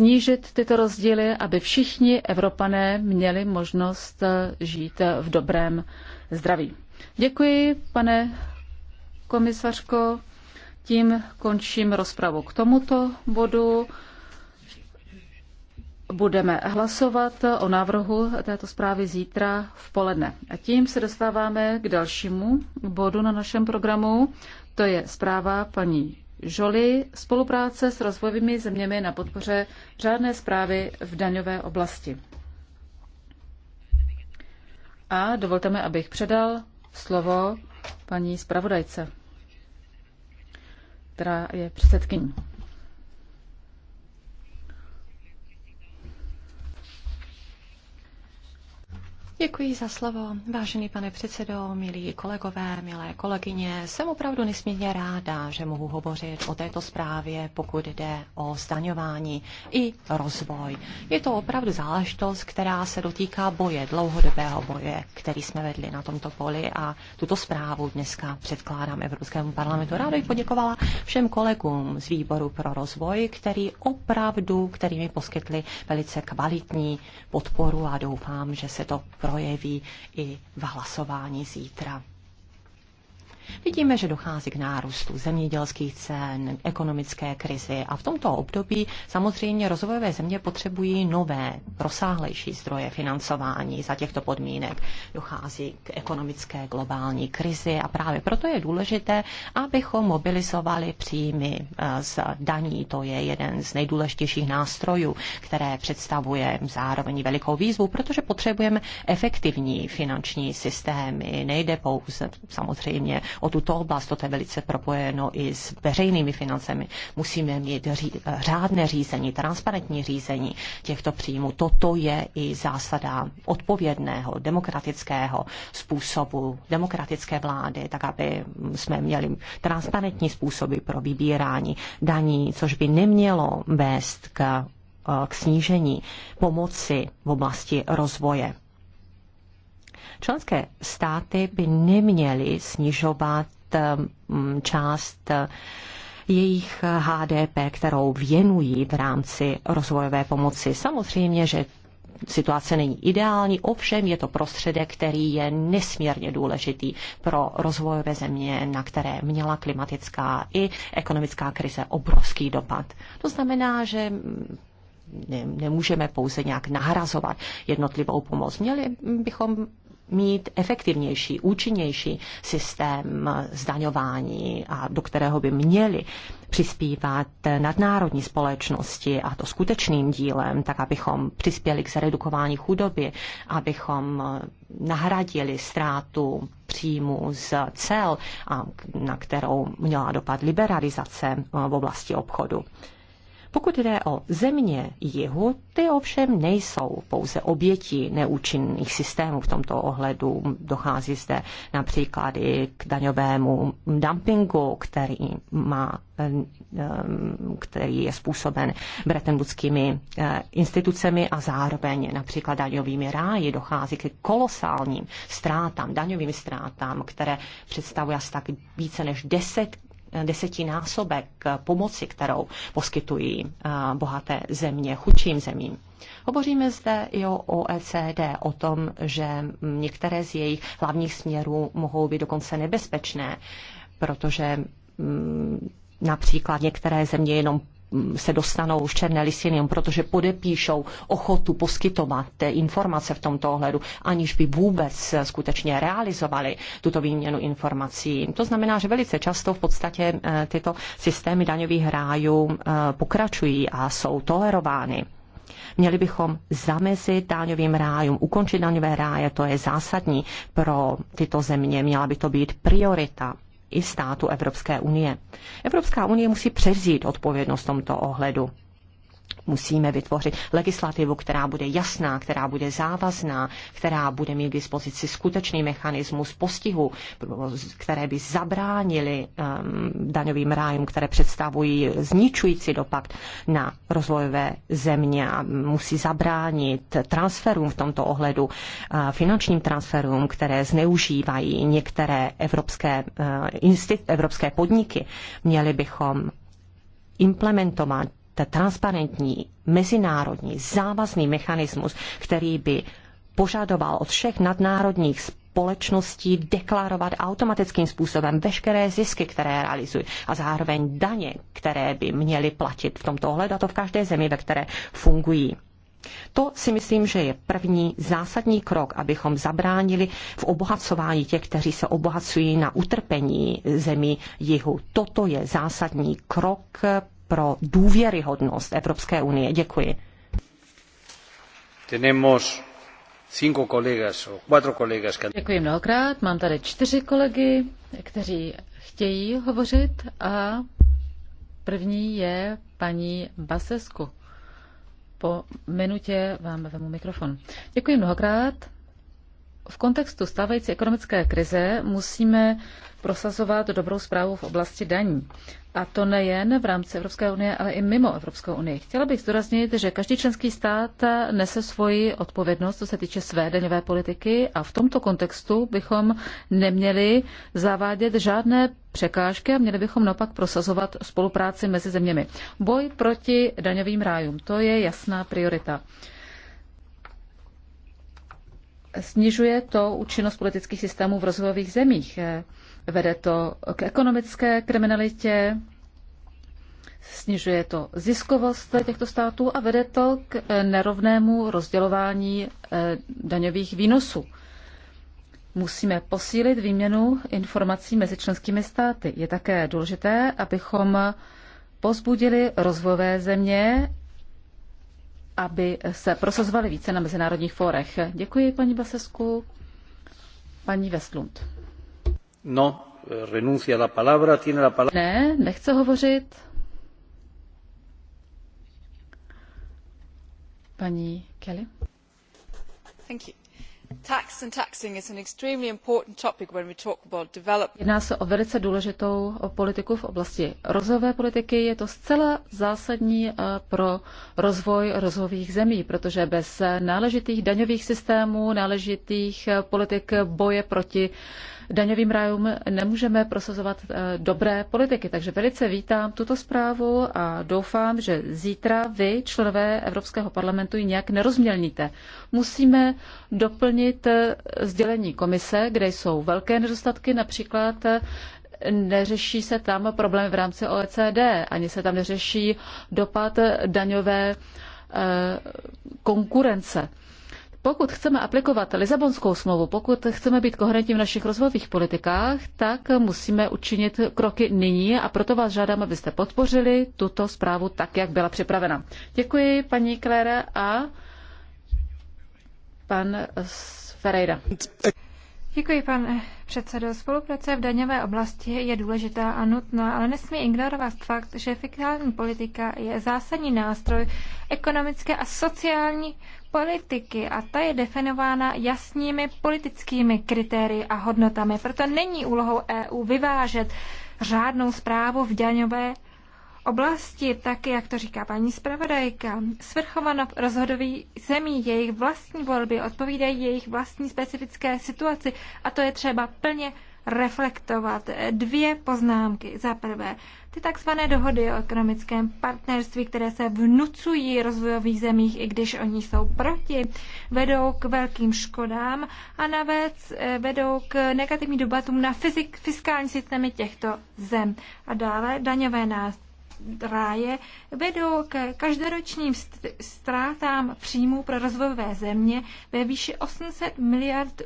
snížit tyto rozdíly, aby všichni Evropané měli možnost eh, žít eh, v dobrém zdraví. Děkuji, pane komisařko. Tím končím rozpravu k tomuto bodu. Budeme hlasovat o návrhu této zprávy zítra v poledne. A tím se dostáváme k dalšímu bodu na našem programu. To je zpráva paní Žoli spolupráce s rozvojovými zeměmi na podpoře řádné zprávy v daňové oblasti. A dovolte mi, abych předal slovo paní zpravodajce, která je předsedkyní. Děkuji za slovo, vážený pane předsedo, milí kolegové, milé kolegyně. Jsem opravdu nesmírně ráda, že mohu hovořit o této zprávě, pokud jde o zdaňování i rozvoj. Je to opravdu záležitost, která se dotýká boje, dlouhodobého boje, který jsme vedli na tomto poli a tuto zprávu dneska předkládám Evropskému parlamentu. Ráda bych poděkovala všem kolegům z výboru pro rozvoj, který opravdu, který mi poskytli velice kvalitní podporu a doufám, že se to pro projeví i v hlasování zítra. Vidíme, že dochází k nárůstu zemědělských cen, ekonomické krizi a v tomto období samozřejmě rozvojové země potřebují nové, rozsáhlejší zdroje financování za těchto podmínek. Dochází k ekonomické globální krizi a právě proto je důležité, abychom mobilizovali příjmy eh, z daní. To je jeden z nejdůležitějších nástrojů, které představuje zároveň velikou výzvu, protože potřebujeme efektivní finanční systémy. Nejde pouze samozřejmě o tuto oblast. to je velice propojeno i s veřejnými financemi. Musíme mít ří, řádné řízení, transparentní řízení těchto příjmů. Toto je i zásada odpovědného, demokratického způsobu, demokratické vlády, tak aby jsme měli transparentní způsoby pro vybírání daní, což by nemělo vést k, k snížení pomoci v oblasti rozvoje. Členské státy by neměly snižovat ehm, část eh, jejich HDP, kterou věnují v rámci rozvojové pomoci. Samozřejmě, že situace není ideální, ovšem je to prostředek, který je nesmírně důležitý pro rozvojové země, na které měla klimatická i ekonomická krize obrovský dopad. To znamená, že mm, ne, nemůžeme pouze nějak nahrazovat jednotlivou pomoc. Měli bychom mít efektivnější, účinnější systém zdaňování, a do kterého by měli přispívat nadnárodní společnosti a to skutečným dílem, tak abychom přispěli k zredukování chudoby, abychom nahradili ztrátu příjmu z cel, na kterou měla dopad liberalizace v oblasti obchodu. Pokud jde o země jihu, ty ovšem nejsou pouze oběti neúčinných systémů v tomto ohledu. Dochází zde například i k daňovému dumpingu, který, má, který je způsoben bretenbudskými eh, institucemi a zároveň například daňovými ráji dochází k kolosálním ztrátám, daňovým ztrátám, které představují asi tak více než 10 desetinásobek pomoci, kterou poskytují eh, bohaté země chudším zemím. Hovoříme zde i o OECD, o tom, že některé z jejich hlavních směrů mohou být dokonce nebezpečné, protože mm, například některé země jenom se dostanou z černé listiny, protože podepíšou ochotu poskytovat informace v tomto ohledu, aniž by vůbec skutečně realizovali tuto výměnu informací. To znamená, že velice často v podstatě eh, tyto systémy daňových rájů eh, pokračují a jsou tolerovány. Měli bychom zamezit daňovým rájům, ukončit daňové ráje, to je zásadní pro tyto země, měla by to být priorita i států Evropské unie. Evropská unie musí převzít odpovědnost v tomto ohledu musíme vytvořit legislativu, která bude jasná, která bude závazná, která bude mít k dispozici skutečný mechanismus postihu, které by zabránili um, ehm, daňovým rájům, které představují zničující dopad na rozvojové země a musí zabránit transferům v tomto ohledu, uh, finančním transferům, které zneužívají některé evropské, uh, eh, instit, evropské podniky. Měli bychom implementovat transparentní, mezinárodní, závazný mechanismus, který by požadoval od všech nadnárodních společností deklarovat automatickým způsobem veškeré zisky, které realizují a zároveň daně, které by měly platit v tomto ohledu a to v každé zemi, ve které fungují. To si myslím, že je první zásadní krok, abychom zabránili v obohacování těch, kteří se obohacují na utrpení zemí jihu. Toto je zásadní krok pro důvěryhodnost Evropské unie. Děkuji. Tenemos cinco colegas, o cuatro colegas que... Děkuji mnohokrát. Mám tady čtyři kolegy, kteří chtějí hovořit a první je paní Basesku. Po minutě vám vezmu mikrofon. Děkuji mnohokrát v kontextu stávající ekonomické krize musíme prosazovat dobrou zprávu v oblasti daní. A to nejen v rámci Evropské unie, ale i mimo Evropskou unii. Chtěla bych zdůraznit, že každý členský stát nese svoji odpovědnost, co se týče své daňové politiky a v tomto kontextu bychom neměli zavádět žádné překážky a měli bychom naopak prosazovat spolupráci mezi zeměmi. Boj proti daňovým rájům, to je jasná priorita snižuje to účinnost politických systémů v rozvojových zemích. Vede to k ekonomické kriminalitě, snižuje to ziskovost těchto států a vede to k nerovnému rozdělování eh, daňových výnosů. Musíme posílit výměnu informací mezi členskými státy. Je také důležité, abychom pozbudili rozvojové země, aby se prosazovali více na mezinárodních fórech. Děkuji, paní Basesku. Paní Westlund. No, renuncia la palabra, tiene la palabra. Ne, nechce hovořit. Paní Kelly. Thank you. Jedná se o velice důležitou politiku v oblasti rozvojové politiky. Je to zcela zásadní eh, pro rozvoj rozvojových zemí, protože bez náležitých daňových systémů, náležitých eh, politik boje proti daňovým rájům nemůžeme prosazovat eh, dobré politiky. Takže velice vítám tuto zprávu a doufám, že zítra vy, členové Evropského parlamentu, ji nějak nerozmělníte. Musíme doplnit eh, sdělení komise, kde jsou velké nedostatky, například eh, neřeší se tam problém v rámci OECD, ani se tam neřeší dopad daňové konkurence. Pokud chceme aplikovat Lizabonskou smlouvu, pokud chceme být koherentní v našich rozvojových politikách, tak musíme učinit kroky nyní a proto vás žádám, abyste podpořili tuto zprávu tak, jak byla připravena. Děkuji, paní Klére a pan Ferreira. Děkuji, pane předsedo. Spolupráce v daňové oblasti je důležitá a nutná, ale nesmí ignorovat fakt, že fiskální politika je zásadní nástroj ekonomické a sociální politiky a ta je definována jasnými politickými kritérii a hodnotami. Proto není úlohou EU vyvážet řádnou zprávu v daňové oblasti, tak jak to říká paní zpravodajka, svrchovano rozhodových zemí, jejich vlastní volby odpovídají jejich vlastní specifické situaci a to je třeba plně reflektovat. Dvě poznámky. Za prvé, ty takzvané dohody o ekonomickém partnerství, které se vnucují rozvojových zemích, i když oni jsou proti, vedou k velkým škodám a navíc eh, vedou k negativním dopadům na fyzik, fiskální systémy těchto zem. A dále daňové nástroje ráje vedou k každoročním ztrátám příjmů pro rozvojové země ve výši 800 miliard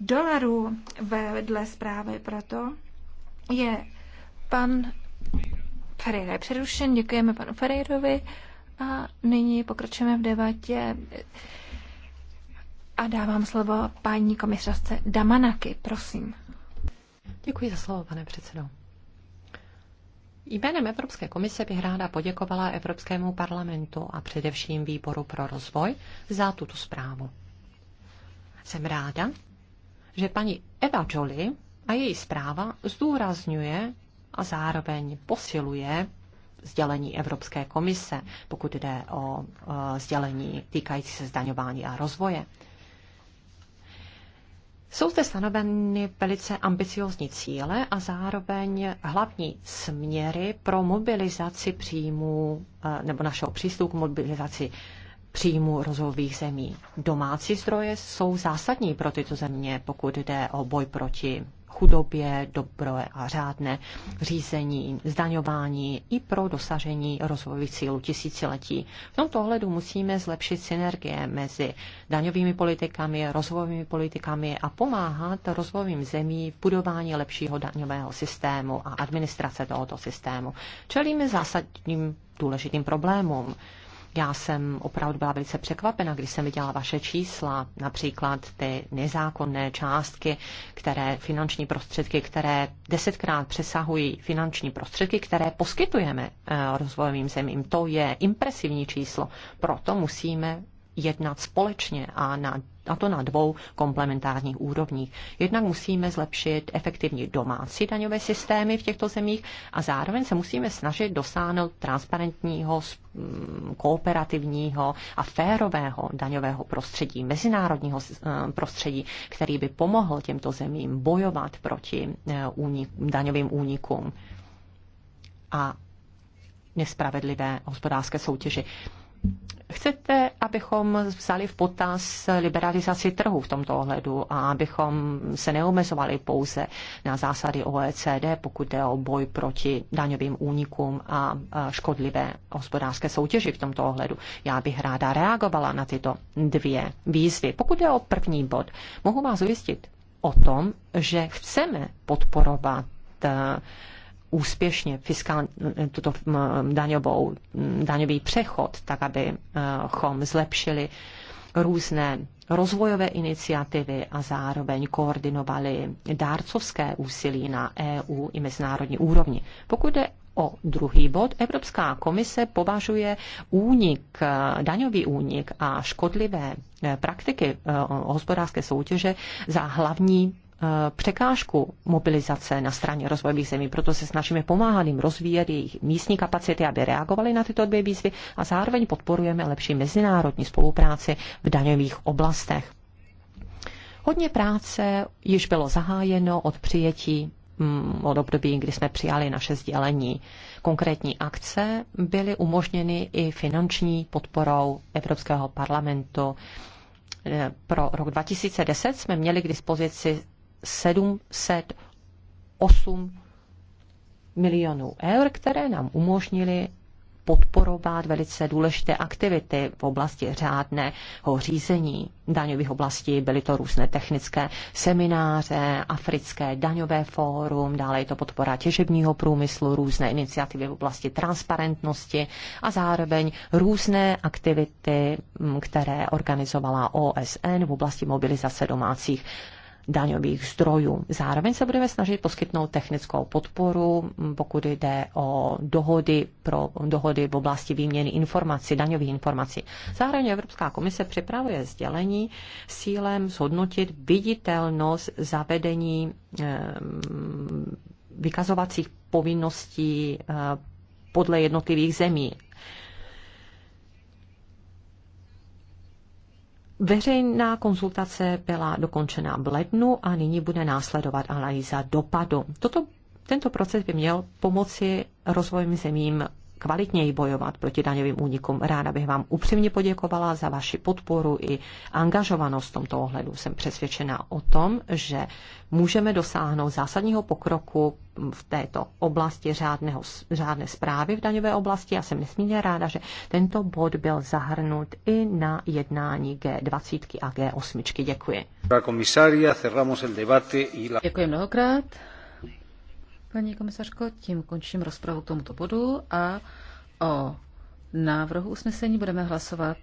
dolarů vedle zprávy. Proto je pan Ferreira přerušen. Děkujeme panu Ferreirovi a nyní pokračujeme v debatě a dávám slovo paní komisařce Damanaky. Prosím. Děkuji za slovo, pane předsedo. Jménem Evropské komise bych ráda poděkovala Evropskému parlamentu a především Výboru pro rozvoj za tuto zprávu. Jsem ráda, že paní Eva Jolie a její zpráva zdůrazňuje a zároveň posiluje sdělení Evropské komise, pokud jde o e, sdělení týkající se zdaňování a rozvoje. Jsou zde stanoveny velice ambiciózní cíle a zároveň hlavní směry pro mobilizaci příjmů eh, nebo našeho přístupu k mobilizaci příjmu rozvojových zemí. Domácí zdroje jsou zásadní pro tyto země, pokud jde o boj proti chudobě, dobro a řádné řízení, zdaňování i pro dosažení rozvojových cílů tisíciletí. V tomto ohledu musíme zlepšit synergie mezi daňovými politikami, rozvojovými politikami a pomáhat rozvojovým zemí v budování lepšího daňového systému a administrace tohoto systému. Čelíme zásadním důležitým problémům. Já jsem opravdu byla velice překvapena, když jsem viděla vaše čísla, například ty nezákonné částky, které finanční prostředky, které desetkrát přesahují finanční prostředky, které poskytujeme eh, rozvojovým zemím. To je impresivní číslo. Proto musíme jednat společně a na a to na dvou komplementárních úrovních. Jednak musíme zlepšit efektivní domácí daňové systémy v těchto zemích a zároveň se musíme snažit dosáhnout transparentního, mm, kooperativního a férového daňového prostředí, mezinárodního eh, prostředí, který by pomohl těmto zemím bojovat proti eh, daňovým únikům a nespravedlivé hospodářské soutěži chcete, abychom vzali v potaz liberalizaci trhu v tomto ohledu a abychom se neomezovali pouze na zásady OECD, pokud jde o boj proti daňovým únikům a škodlivé hospodářské soutěži v tomto ohledu. Já bych ráda reagovala na tyto dvě výzvy. Pokud jde o první bod, mohu vás ujistit o tom, že chceme podporovat úspěšně fiskální, tuto daňovou, daňový přechod, tak abychom zlepšili různé rozvojové iniciativy a zároveň koordinovali dárcovské úsilí na EU i mezinárodní úrovni. Pokud jde o druhý bod, Evropská komise považuje únik, daňový únik a škodlivé e, praktiky e, hospodářské soutěže za hlavní Eh, překážku mobilizace na straně rozvojových zemí. Proto se snažíme pomáhat jim rozvíjet jejich místní kapacity, aby reagovali na tyto dvě výzvy a zároveň podporujeme lepší mezinárodní spolupráci v daňových oblastech. Hodně práce již bylo zahájeno od přijetí mm, od období, kdy jsme přijali naše sdělení. Konkrétní akce byly umožněny i finanční podporou Evropského parlamentu eh, pro rok 2010 jsme měli k dispozici 708 milionů eur, které nám umožnili podporovat velice důležité aktivity v oblasti řádného řízení daňových oblastí. Byly to různé technické semináře, africké daňové fórum, dále je to podpora těžebního průmyslu, různé iniciativy v oblasti transparentnosti a zároveň různé aktivity, které organizovala OSN v oblasti mobilizace domácích daňových zdrojů. Zároveň se budeme snažit poskytnout technickou podporu, pokud jde o dohody, pro, dohody v oblasti výměny informací, daňových informací. Zároveň Evropská komise připravuje sdělení s cílem zhodnotit viditelnost zavedení vykazovacích povinností eh, podle jednotlivých zemí Veřejná konzultace byla dokončena v lednu a nyní bude následovat analýza dopadu. Toto, tento proces by měl pomoci rozvojem zemím kvalitněji bojovat proti daňovým únikům. Ráda bych vám upřímně poděkovala za vaši podporu i angažovanost v tomto ohledu. Jsem přesvědčena o tom, že můžeme dosáhnout zásadního pokroku v této oblasti řádného, řádné zprávy v daňové oblasti. Já jsem nesmírně ráda, že tento bod byl zahrnut i na jednání G20 a G8. Děkuji. Děkuji mnohokrát. Paní komisařko, tím končím rozpravu k tomuto bodu a o návrhu usnesení budeme hlasovat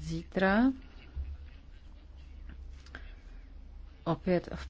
zítra. Opět v